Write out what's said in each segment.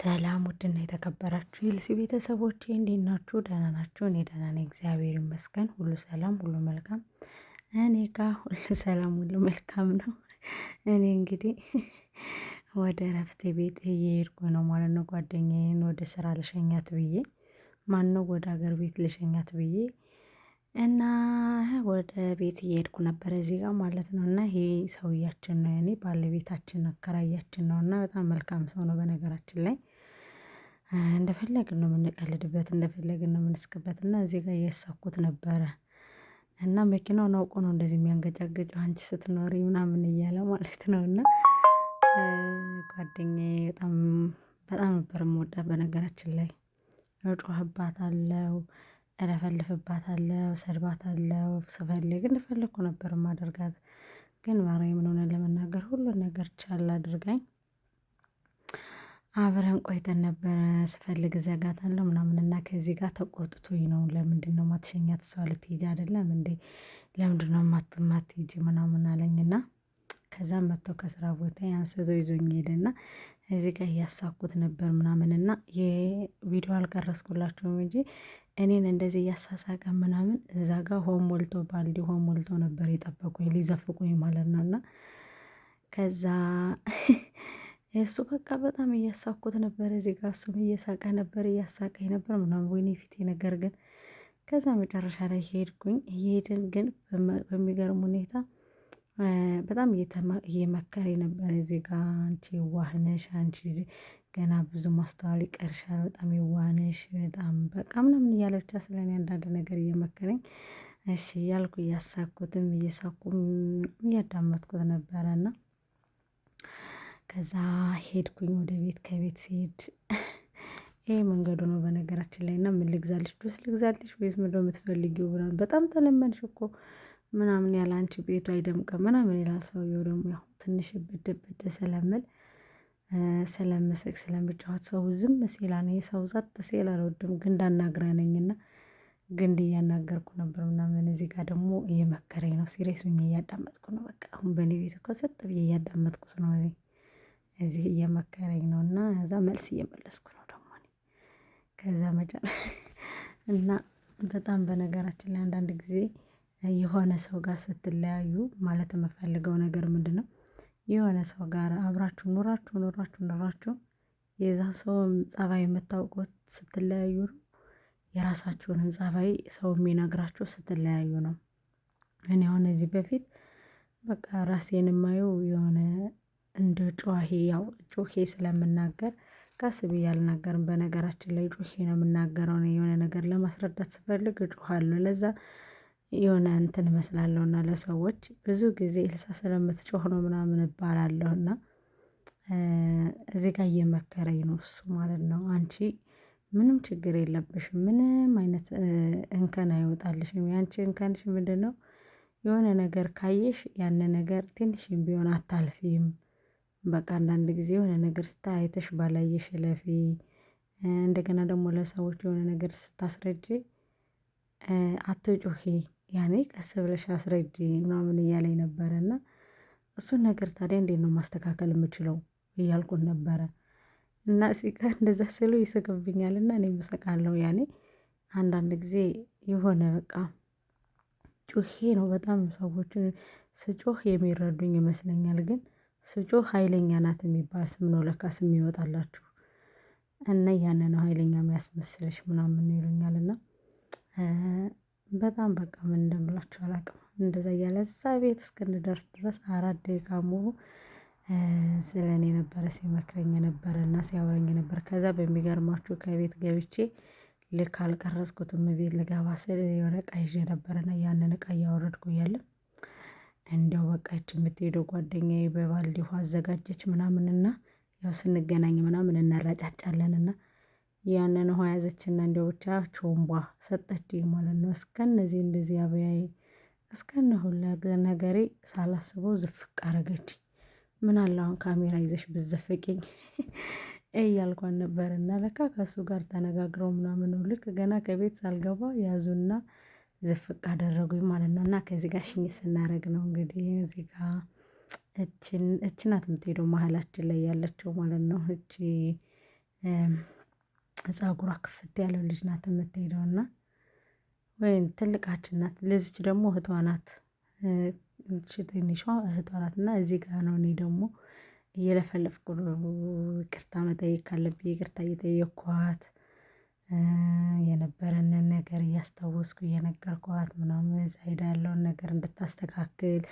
ሰላም ውድና የተከበራችሁ የልሲ ቤተሰቦች እንዴት ናችሁ? ደህና ናችሁ? እኔ ደህና ነኝ፣ እግዚአብሔር ይመስገን። ሁሉ ሰላም፣ ሁሉ መልካም። እኔ ጋ ሁሉ ሰላም፣ ሁሉ መልካም ነው። እኔ እንግዲህ ወደ እረፍት ቤት እየሄድኩ ነው ማለት ነው። ጓደኛዬን ወደ ስራ ልሸኛት ብዬ ማን ነው ወደ ሀገር ቤት ልሸኛት ብዬ እና ወደ ቤት እየሄድኩ ነበር እዚህ ጋር ማለት ነው። እና ይሄ ሰውያችን ነው ያኔ ባለቤታችን አከራያችን ነው እና በጣም መልካም ሰው ነው በነገራችን ላይ። እንደፈለግን ነው የምንቀልድበት እንደፈለግን ነው የምንስቅበት እና እዚህ ጋር እያሳኩት ነበረ። እና መኪናውን አውቆ ነው እንደዚህ የሚያንገጫግጨው አንቺ ስትኖሪ ምናምን እያለ ማለት ነው። እና ጓደኛዬ በጣም በጣም ነበር የምወዳት በነገራችን ላይ እጮህባታለሁ እለፈልፍባታለሁ ሰድባታለሁ ስፈልግ እንደፈለኩ ነበር ማደርጋት፣ ግን ማርያም ሆነ ለመናገር ሁሉን ነገር ቻል አድርጋኝ። አብረን ቆይተን ነበረ ስፈልግ እዚያ ጋር ምናምን እና ከዚህ ጋር ተቆጥቶኝ ነው ለምንድን ነው ማትሸኛ እሷ ልትሄጂ አይደለም እንዴ? ነው የማትሄጂ ምናምን አለኝና። ከዛም መጥቶ ከስራ ቦታ አንስቶ ይዞኝ ሄደና እዚህ ጋር እያሳኩት ነበር ምናምን እና የቪዲዮ አልቀረስኩላችሁም እንጂ እኔን እንደዚህ እያሳሳቀ ምናምን እዛ ጋር ሆም ሞልቶ ባልዲ ሆም ሞልቶ ነበር የጠበቁኝ ሊዘፍቁኝ ማለት ነው እና ከዛ እሱ በቃ በጣም እያሳኩት ነበር እዚህ ጋር እሱም እየሳቀ ነበር እያሳቀኝ ነበር ምናምን ወይኔ ፊቴ ነገር ግን ከዛ መጨረሻ ላይ ሄድኩኝ እየሄድን ግን በሚገርም ሁኔታ በጣም እየመከረ የነበረ ዜጋ አንቺ የዋህ አንቺ ገና ብዙ ማስተዋል ይቀርሻል በጣም የዋህ በጣም በቃ ምናምን እያለ ብቻ እኔ አንዳንድ ነገር እየመከረኝ እሺ እያልኩ እያሳኩትም እየሳኩም እያዳመጥኩት ነበረ እና ከዛ ሄድኩኝ ወደ ቤት። ከቤት ሲሄድ ይሄ መንገዱ ነው በነገራችን ላይ እና ምን ልግዛልሽ? ጁስ ልግዛልሽ ወይስ ምንድነው የምትፈልጊው? በጣም ተለመንሽ እኮ ምናምን ያለ አንቺ ቤቱ አይደምቅም ምናምን ይላል። ሰውየው ደግሞ ያው ትንሽ ብድ ብድ ስለምል ስለምስቅ ስለምጫወት ሰው ዝም ሲል እኔ ሰው ጸጥ ሲል አልወድም። ግንድ አናግራ ነኝና ግንድ እያናገርኩ ነበር ምናምን። እዚህ ጋር ደግሞ እየመከረኝ ነው። ሲሬስ ሆኜ እያዳመጥኩ ነው። በቃ አሁን በእኔ ቤት እኮ ሰጥ ብዬ እያዳመጥኩት ነው። እዚህ እየመከረኝ ነው እና እዛ መልስ እየመለስኩ ነው ደግሞ ከዛ መጫ እና በጣም በነገራችን ላይ አንዳንድ ጊዜ የሆነ ሰው ጋር ስትለያዩ ማለት የምፈልገው ነገር ምንድነው? የሆነ ሰው ጋር አብራችሁ ኑራችሁ ኑራችሁ ኑራችሁ የዛ ሰውም ፀባይ የምታውቁት ስትለያዩ ነው። የራሳችሁንም ፀባይ ሰው የሚነግራችሁ ስትለያዩ ነው። እኔ አሁን እዚህ በፊት በቃ ራሴን የማየው የሆነ እንደ ጩሄ ያው ጩሄ ስለምናገር ቀስ ብዬ አልናገርም በነገራችን ላይ ጩሄ ነው የምናገረው የሆነ ነገር ለማስረዳት ስፈልግ እጮሃለሁ ለዛ የሆነ እንትን እና ለሰዎች ብዙ ጊዜ ኤልሳ ስለምትጮህ ነው ምናምን እና እዚህ ጋር እየመከረኝ ነው እሱ ማለት ነው። አንቺ ምንም ችግር የለብሽም ምንም አይነት እንከን አይወጣልሽም ያንቺ እንከንሽ ምንድነው? የሆነ ነገር ካየሽ ያን ነገር ትንሽም ቢሆን አታልፊም። በቃ አንዳንድ ጊዜ የሆነ ነገር ስታይተሽ ባላየሽ እለፊ። እንደገና ደግሞ ለሰዎች የሆነ ነገር ስታስረጂ አትጮሄ። ያኔ ቀስ ብለሽ አስረጅ ምናምን እያለኝ ነበረ እና እሱን ነገር ታዲያ እንዴት ነው ማስተካከል የምችለው እያልኩት ነበረ እና ሲቀ እንደዛ ስሉ ይስቅብኛል እና እኔም ምሰቃለሁ። ያኔ አንዳንድ ጊዜ የሆነ በቃ ጩሄ ነው በጣም ሰዎች ስጮህ የሚረዱኝ ይመስለኛል። ግን ስጮህ ሀይለኛ ናት የሚባል ስም ነው ለካ ስም ይወጣላችሁ እና ያንን ነው ሀይለኛ የሚያስመስልሽ ምናምን ይሉኛል እና በጣም በቃ ምን እንደምላችሁ አላውቅም። እንደዛ እያለ እዛ ቤት እስክንደርስ ድረስ አራት ደቂቃ ሙሉ ስለ እኔ ነበረ ሲመክረኝ የነበረ እና ሲያወረኝ ነበር። ከዛ በሚገርማችሁ ከቤት ገብቼ ልክ አልቀረጽኩትም። ቤት ልገባ ስል የሆነ እቃ ይዤ ነበረና ያንን እቃ እያወረድኩ እያለ እንዲያው በቃ ይቺ የምትሄደው ጓደኛዬ በባልዲ ውሃ አዘጋጀች ምናምንና ያው ስንገናኝ ምናምን እንረጫጫለንና ያንን ውሃ ያዘችና እንዲያው ብቻ ቾምቧ ሰጠች ማለት ነው። እስከነዚህ እንደዚህ አብያዬ እስከነ ሁሉ ነገሬ ሳላስበው ዝፍቅ አረገች። ምን አለ አሁን ካሜራ ይዘሽ ብዘፈቅኝ እያልኳን ነበር። እና ለካ ከእሱ ጋር ተነጋግረው ምናምን ልክ ገና ከቤት ሳልገባ ያዙና ዝፍቅ አደረጉኝ ማለት ነው። እና ከዚህ ጋር ሽኝት ስናደረግ ነው እንግዲህ እዚህ ጋ እችን እችናት የምትሄደው መሀላችን ላይ ያለችው ማለት ነው። እቺ ጸጉሯ ክፍት ያለው ልጅ ናት የምትሄደው እና ወይም ትልቃችን ናት። ለዚች ደግሞ እህቷ ናት። ትንሿ እህቷ ናት እና እዚህ ጋር ነው እኔ ደግሞ እየለፈለፍኩ ይቅርታ መጠየቅ ካለብኝ ይቅርታ እየጠየኳት የነበረንን ነገር እያስታወስኩ እየነገርኳት ምናምን እዛ ሄዳ ያለውን ነገር እንድታስተካክል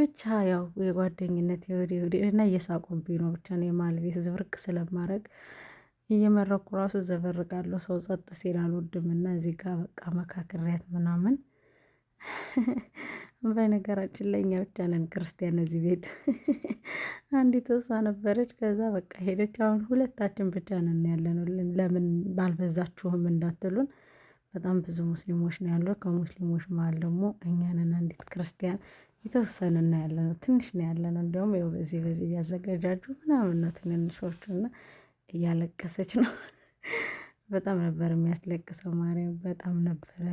ብቻ ያው የጓደኝነት የወዴ ወዴ እና እየሳቁብኝ ነው ብቻ ነው የማልቤት ዝብርቅ ስለማድረግ እየመረኩ ራሱ እዘበርቃለሁ ሰው ጸጥ ሲል እና እዚህ ጋር በቃ መካክሪያት ምናምን። በነገራችን ላይ እኛ ብቻ ነን ክርስቲያን እዚህ ቤት። አንዲት እሷ ነበረች ከዛ በቃ ሄደች። አሁን ሁለታችን ብቻ ነን ያለነው። ለምን ባልበዛችሁም እንዳትሉን በጣም ብዙ ሙስሊሞች ነው ያለው። ከሙስሊሞች መሀል ደግሞ እኛንን አንዲት ክርስቲያን የተወሰነ ነው ያለነው። ትንሽ ነው ያለነው። እንዲሁም በዚህ በዚህ እያዘገጃጁ ምናምን ነው ትንንሾቹ እና እያለቀሰች ነው። በጣም ነበር የሚያስለቅሰው ማርያም በጣም ነበረ።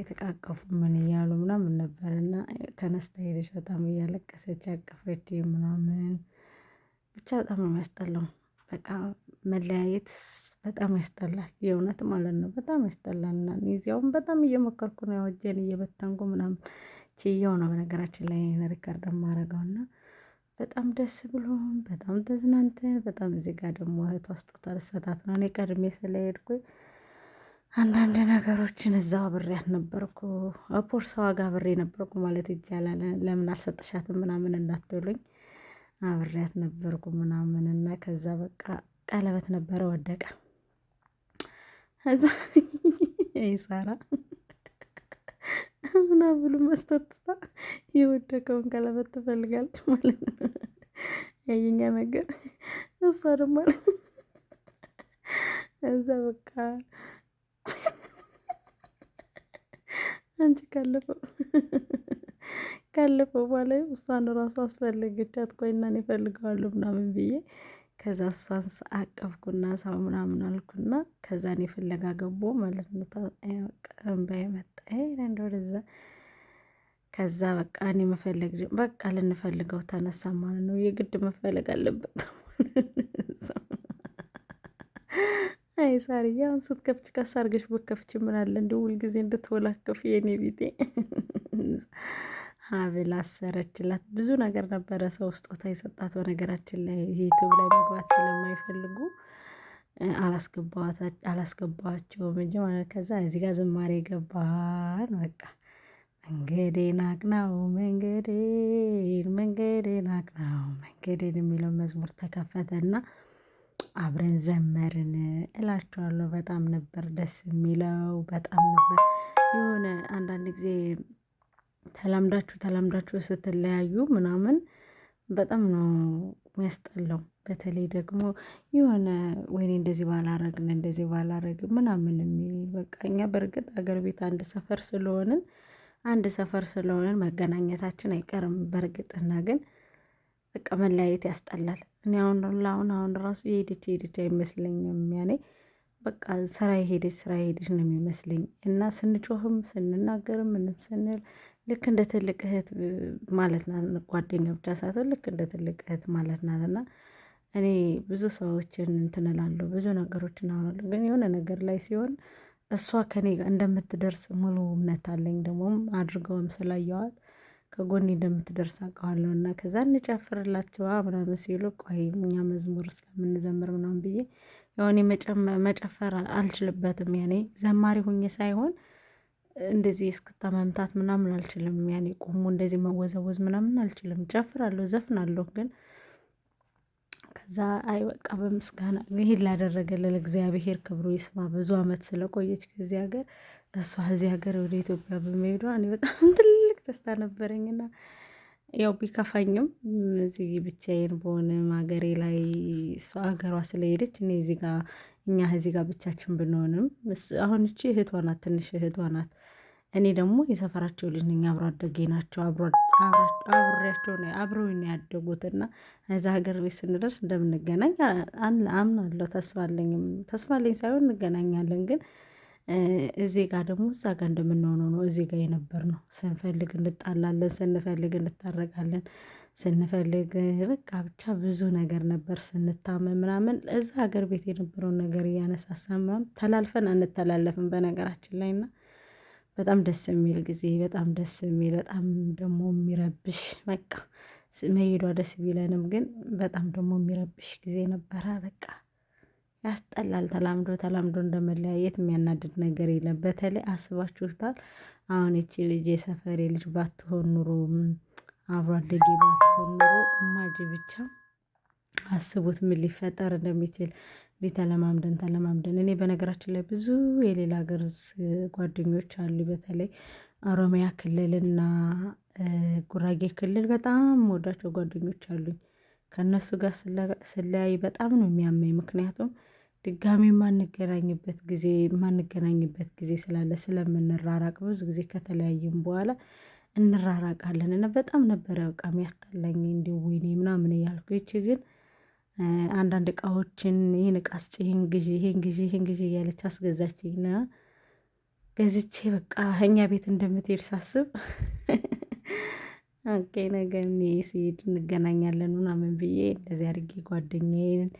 የተቃቀፉ ምን እያሉ ምናምን ነበር እና ተነስታ ሄደች። በጣም እያለቀሰች አቀፈች ምናምን ብቻ በጣም ነው የሚያስጠላው። በቃ መለያየት በጣም ያስጠላል የእውነት ማለት ነው በጣም ያስጠላል። እና እዚያውም በጣም እየሞከርኩ ነው ያወጀን እጄን እየበተንኩ ምናምን ችዬው ነው በነገራችን ላይ ሪከርድ ማረገው እና በጣም ደስ ብሎን በጣም ተዝናንተን በጣም እዚህ ጋር ደግሞ እህቷ ስጦታ ልትሰጣት ነው። እኔ ቀድሜ አንዳንድ ነገሮችን እዛው አብሬያት ነበርኩ። ፖርሳዋ ጋር አብሬ ነበርኩ ማለት ይቻላል። ለምን አልሰጥሻትም ምናምን እንዳትሉኝ አብሬያት ነበርኩ ምናምን እና ከዛ በቃ ቀለበት ነበረ ወደቀ። ይሳራ ምናምን መስጠትታ የወደቀውን ቀለበት ትፈልጋለች ማለት ነው። የኛ ነገር እሷ ደግሞ እዛ በቃ አንቺ ካለፈው ካለፈው በኋላ እሷን ራሱ አስፈለገቻት። ቆይና እኔ እፈልገዋለሁ ምናምን ብዬ ከዛ እሷን አቀፍኩና ሰው ምናምን አልኩና ከዛ እኔ ፍለጋ ገቦ ማለት ነው። በቃ እምባዬ መጣ እንደወደዛ ከዛ በቃ እኔ መፈለግ በቃ ልንፈልገው ተነሳ ማለት ነው። የግድ መፈለግ አለበት። አይ ሳሪ አሁን ስትከፍች ከስ አርገሽ ብከፍች ምን እንደ ሁልጊዜ እንድትወላከፍ የኔ ቢጤ ሀብል አሰረችላት። ብዙ ነገር ነበረ ሰው ስጦታ የሰጣት። በነገራችን ላይ ዩቱብ ላይ መግባት ስለማይፈልጉ አላስገባቸውም እንጂ ማለት ከዛ እዚህ ጋር ዝማሬ ገባን በቃ መንገዴን አቅናው መንገዴን መንገዴን አቅናው መንገዴን የሚለው መዝሙር ተከፈተና አብረን ዘመርን እላችኋለሁ። በጣም ነበር ደስ የሚለው። በጣም ነበር የሆነ አንዳንድ ጊዜ ተላምዳችሁ ተላምዳችሁ ስትለያዩ ምናምን በጣም ነው የሚያስጠላው። በተለይ ደግሞ የሆነ ወይኔ እንደዚህ ባላረግን እንደዚህ ባላረግ ምናምን የሚል በቃ እኛ በእርግጥ አገር ቤት አንድ ሰፈር ስለሆንን አንድ ሰፈር ስለሆነን መገናኘታችን አይቀርም። በእርግጥና ግን በቃ መለያየት ያስጠላል። እኔ አሁን ላሁን አሁን ራሱ የሄደች የሄደች አይመስለኝም። ያኔ በቃ ስራ የሄደች ስራ የሄደች ነው የሚመስለኝ እና ስንጮህም ስንናገርም ምንም ስንል ልክ እንደ ትልቅ እህት ማለት ናት። ጓደኛ ብቻ ሳትሆን ልክ እንደ ትልቅ እህት ማለት ናት። እና እኔ ብዙ ሰዎችን እንትንላለሁ ብዙ ነገሮችን አወራለሁ። ግን የሆነ ነገር ላይ ሲሆን እሷ ከኔ እንደምትደርስ ሙሉ እምነት አለኝ። ደግሞም አድርገውም ስላየኋት ከጎኔ እንደምትደርስ አውቃለሁ። እና ከዛ እንጨፍርላችኋ ምናምን ሲሉ ቆይ እኛ መዝሙር ስለምንዘምር ምናምን ብዬ የሆኔ መጨፈር አልችልበትም። ያኔ ዘማሪ ሁኜ ሳይሆን እንደዚህ እስክታ መምታት ምናምን አልችልም። ያኔ ቁሙ እንደዚህ መወዛወዝ ምናምን አልችልም። ዘፍን ዘፍናለሁ ግን ዛ አይ በቃ በምስጋና ይሄን ላደረገልን እግዚአብሔር ክብሩ ይስማ። ብዙ አመት ስለቆየች ከዚህ ሀገር እሷ እዚህ ሀገር ወደ ኢትዮጵያ በመሄዷ እኔ በጣም ትልቅ ደስታ ነበረኝና ያው ቢከፋኝም እዚህ ብቻዬን በሆንም ሀገሬ ላይ እሷ ሀገሯ ስለሄደች እኔ እዚህ ጋር እኛ እዚህ ጋር ብቻችን ብንሆንም አሁን እቺ እህቷ ናት፣ ትንሽ እህቷ ናት። እኔ ደግሞ የሰፈራቸው ልጅ ነኝ። አብሮ አደጌ ናቸው። አብሬያቸው ነው አብረው ነው ያደጉት እና እዛ ሀገር ቤት ስንደርስ እንደምንገናኝ አምናለሁ። ተስፋለኝም ተስፋለኝ ሳይሆን እንገናኛለን። ግን እዚህ ጋር ደግሞ እዛ ጋር እንደምንሆነው ነው። እዚህ ጋር የነበር ነው። ስንፈልግ እንጣላለን፣ ስንፈልግ እንታረቃለን፣ ስንፈልግ በቃ ብቻ ብዙ ነገር ነበር። ስንታመም ምናምን እዛ ሀገር ቤት የነበረውን ነገር እያነሳሳ ምናምን ተላልፈን አንተላለፍም በነገራችን ላይ እና በጣም ደስ የሚል ጊዜ በጣም ደስ የሚል በጣም ደግሞ የሚረብሽ በቃ መሄዷ ደስ ቢለንም ግን በጣም ደግሞ የሚረብሽ ጊዜ ነበረ። በቃ ያስጠላል። ተላምዶ ተላምዶ እንደመለያየት የሚያናድድ ነገር የለም። በተለይ አስባችሁታል። አሁን ይቺ ልጅ የሰፈሬ ልጅ ባትሆን ኑሮ አብሮ አደጌ ባትሆን ኑሮ እማጅ ብቻ አስቡት ምን ሊፈጠር እንደሚችል ተለማምደን ተለማምደን እኔ በነገራችን ላይ ብዙ የሌላ ሀገር ጓደኞች አሉ። በተለይ ኦሮሚያ ክልልና ጉራጌ ክልል በጣም ወዳቸው ጓደኞች አሉኝ። ከእነሱ ጋር ስለያይ በጣም ነው የሚያመኝ ምክንያቱም ድጋሚ የማንገናኝበት ጊዜ የማንገናኝበት ጊዜ ስላለ ስለምንራራቅ ብዙ ጊዜ ከተለያየን በኋላ እንራራቃለን እና በጣም ነበር በቃ የሚያስጠላኝ እንዲሁ ወይኔ ምናምን እያልኩ ይቺ ግን አንዳንድ እቃዎችን ይህን እቃ ስጭ፣ ይህን ግዢ፣ ይህን ግዢ፣ ይህን ግዢ እያለች አስገዛችኝና ገዝቼ በቃ እኛ ቤት እንደምትሄድ ሳስብ ኦኬ ነገ ሲሄድ እንገናኛለን ምናምን ብዬ እንደዚህ አድርጌ ጓደኛዬን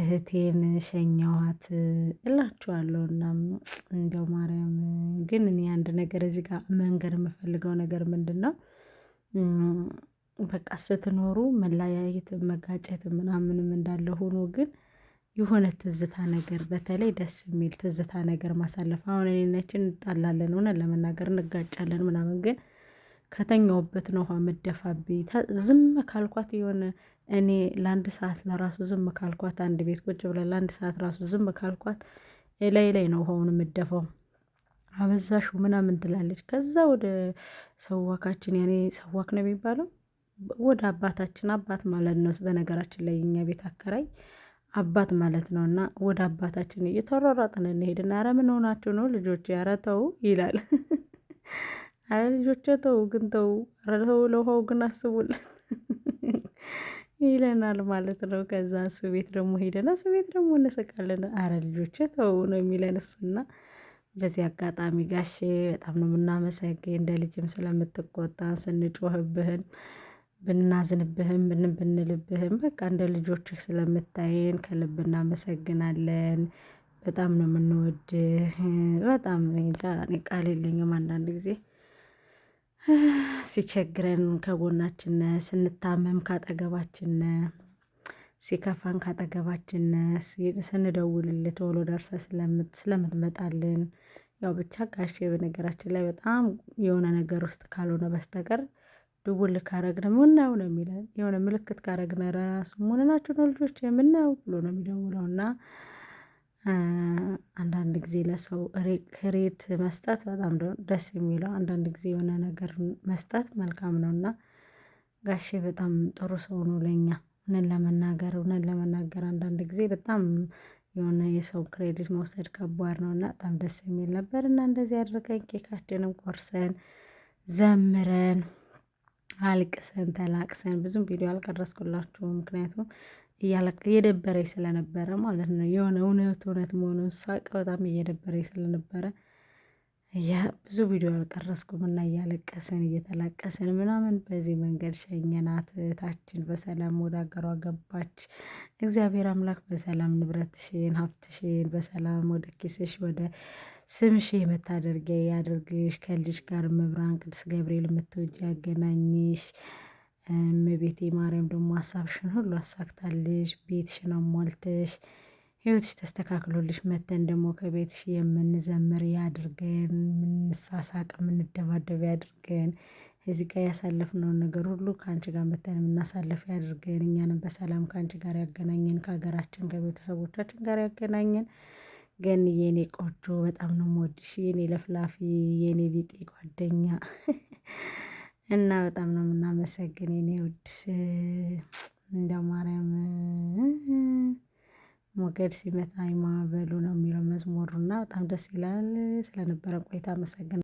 እህቴን ሸኛዋት እላችኋለሁ። እና እንደው ማርያም ግን እኔ አንድ ነገር እዚህ ጋር መንገር የምፈልገው ነገር ምንድን ነው? በቃ ስትኖሩ መለያየት መጋጨት ምናምንም እንዳለ ሆኖ ግን የሆነ ትዝታ ነገር በተለይ ደስ የሚል ትዝታ ነገር ማሳለፍ። አሁን እኔነችን እንጣላለን ሆነ ለመናገር እንጋጫለን ምናምን ግን ከተኛውበት ነው ውሃ መደፋብኝ ዝም ካልኳት የሆነ እኔ ለአንድ ሰዓት ለራሱ ዝም ካልኳት አንድ ቤት ቁጭ ብላ ለአንድ ሰዓት ራሱ ዝም ካልኳት ላይ ላይ ነው ውሃውን የምደፋው። አበዛሹ ምናምን ትላለች። ከዛ ወደ ሰዋካችን ያኔ ሰዋክ ነው የሚባለው ወደ አባታችን አባት ማለት ነው። በነገራችን ላይ የኛ ቤት አከራይ አባት ማለት ነው። እና ወደ አባታችን እየተሯሯጥን እንሄድና ኧረ ምን ሆናችሁ ነው ልጆች? ኧረ ተው ይላል። ኧረ ልጆች ተው ግን ተው፣ ኧረ ተው ለውሃው ግን አስቡልን ይለናል ማለት ነው። ከዛ እሱ ቤት ደግሞ ሄደን እሱ ቤት ደግሞ እንስቃለን። ኧረ ልጆች ተው ነው የሚለን እሱና በዚህ አጋጣሚ ጋሼ በጣም ነው የምናመሰግ እንደ ልጅም ስለምትቆጣ ስንጮህብህን ብናዝንብህም ምንም ብንልብህም በቃ እንደ ልጆችህ ስለምታየን ከልብ እናመሰግናለን። በጣም ነው የምንወድህ በጣም እኔ ቃል የለኝም። አንዳንድ ጊዜ ሲቸግረን ከጎናችን ስንታመም ካጠገባችን ሲከፋን ካጠገባችን ነህ ስንደውልልህ ቶሎ ደርሰህ ስለምትመጣልን። ያው ብቻ ጋሼ በነገራችን ላይ በጣም የሆነ ነገር ውስጥ ካልሆነ በስተቀር ድውል ካረግን ምነው ነው የሚለን የሆነ ምልክት ካረግን ራሱ መሆንናችሁ ነው ልጆች የምናየው ብሎ ነው የሚደውለው እና አንዳንድ ጊዜ ለሰው ክሬት መስጠት በጣም ደስ የሚለው አንዳንድ ጊዜ የሆነ ነገር መስጠት መልካም ነው እና ጋሼ በጣም ጥሩ ሰው ነው ለኛ እውነት ለመናገር እውነት ለመናገር አንዳንድ ጊዜ በጣም የሆነ የሰው ክሬዲት መውሰድ ከባድ ነው እና በጣም ደስ የሚል ነበር እና እንደዚህ አድርገን ኬካችንም ቆርሰን ዘምረን አልቅሰን ተላቅሰን ብዙም ቪዲዮ አልቀረስኩላችሁም። ምክንያቱም እየደበረኝ ስለነበረ ማለት ነው። የሆነ እውነት እውነት መሆኑን ሳቅ በጣም እየደበረኝ ስለነበረ ብዙ ቪዲዮ አልቀረስኩም እና እያለቀስን እየተላቀስን ምናምን በዚህ መንገድ ሸኘናት። እህታችን በሰላም ወደ አገሯ ገባች። እግዚአብሔር አምላክ በሰላም ንብረትሽን ሀብትሽን በሰላም ወደ ኪስሽ ወደ ስምሽ የምታደርገ ያድርግሽ፣ ከልጅ ጋር ምብራን ቅዱስ ገብርኤል የምትወጅ ያገናኝሽ። እመቤቴ ማርያም ደግሞ ሀሳብሽን ሁሉ አሳክታልሽ፣ ቤትሽን አሟልተሽ፣ ህይወትሽ ተስተካክሎልሽ መተን ደግሞ ከቤትሽ የምንዘምር ያድርገን፣ የምንሳሳቅ የምንደባደብ ያድርገን። እዚህ ጋር ያሳለፍነውን ነገር ሁሉ ከአንቺ ጋር መተን የምናሳለፍ ያድርገን። እኛንም በሰላም ከአንቺ ጋር ያገናኘን፣ ከሀገራችን ከቤተሰቦቻችን ጋር ያገናኘን። ግን የኔ ቆጆ በጣም ነው የምወድሽ፣ የኔ ለፍላፊ፣ የኔ ቢጤ ጓደኛ እና በጣም ነው የምናመሰግን የኔ ውድ እንደ ማርያም ሞገድ ሲመታ ማዕበሉ ነው የሚለው መዝሙሩ እና በጣም ደስ ይላል። ስለነበረ ቆይታ አመሰግናለሁ።